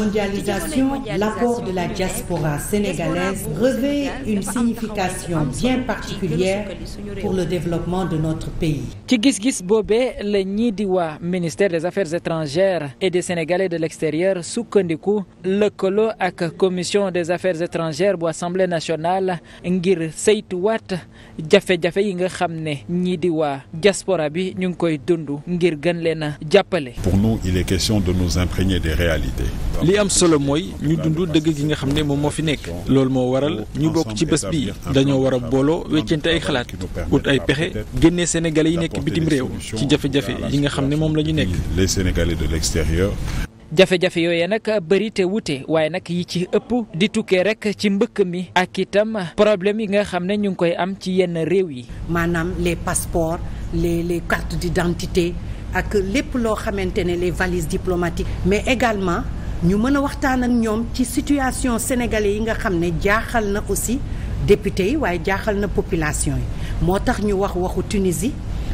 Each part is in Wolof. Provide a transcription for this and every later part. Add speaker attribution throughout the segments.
Speaker 1: mondialisation, l'apport la diaspora sénégalaise revêt une signification bien de notre pays. ci gis-gis boobe
Speaker 2: la ñii di waa ministère des affaires étrangères et des sénégalais de l'extérieur sukkandiku lëkkaloo ak commission des affaires étrangères bu assemblée nationale ngir saytuwaat jafe-jafe yi nga xam ne ñii di waa diaspora bi ñu ngi koy dund ngir gën leen a jàppale. Pour nous, il est question de nous imprégner des réalités. li am solo mooy ñu dund dëgg gi nga xam ne moom moo fi nekk loolu moo waral ñu bokk ci bés bi dañoo war a booloo weccante ay xalaat ut ay pexe génne sénégalais yi nekk bitim réew ci jafe-jafe yi nga xam ne moom la ñu nekk. les sénégalais de l'extérieur. jafe-jafe yooyu nag bëri te wute waaye nag yi ci ëpp di tukkee rek ci mbëkk mi ak itam problème yi
Speaker 1: nga xam ne ñu ngi koy am ci yenn réew yi. maanaam les passeports les les cartes d'identité ak lépp loo xamante ne les valises diplomatiques mais également. ñu mën a waxtaan ak ñoom ci situation sénégalais yi nga xam ne jaaxal na aussi député yi waaye jaaxal na population yi moo tax ñu wax waxu Tunisie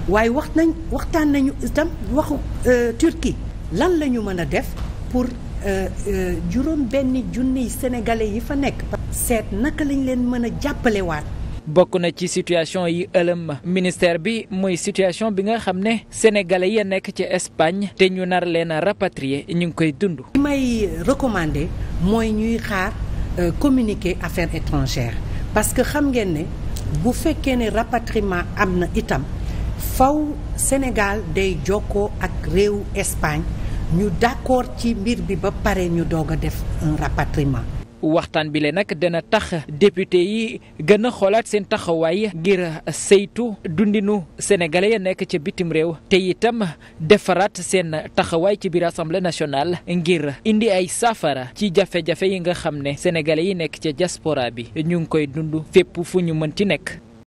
Speaker 1: waaye wax nañ waxtaan nañu itam waxu euh, turki lan la ñu mën a def pour euh, euh, juróom benn junniy sénégalais yi fa nekk seet naka lañ leen mën a jàppalewaan
Speaker 2: bokk na ci situation yi ëlëm ministère bi muy situation bi nga xam ne sénégalais ya nekk ci Espagne te ñu nar leen a rapatrier ñu ngi koy dund. li may
Speaker 1: recommander mooy ñuy xaar euh, communiquer affaire étrangères parce que xam ngeen ne bu fekkee ne rapatriement am na itam faw Sénégal day jokkoo ak réewu Espagne ñu d'accord ci mbir bi ba pare ñu doog a def un rapatriement.
Speaker 2: waxtaan bi le nag dana tax député yi gën a xoolaat seen taxawaay ngir saytu dundinu sénégalais yi nekk ci bitim réew te itam defaraat seen taxawaay ci biir assemblée nationale ngir indi ay saafara ci jafe-jafe yi nga xam ne sénégalais yi nekk ci diaspora bi ñu ngi koy dund fépp fu ñu mën ci nekk.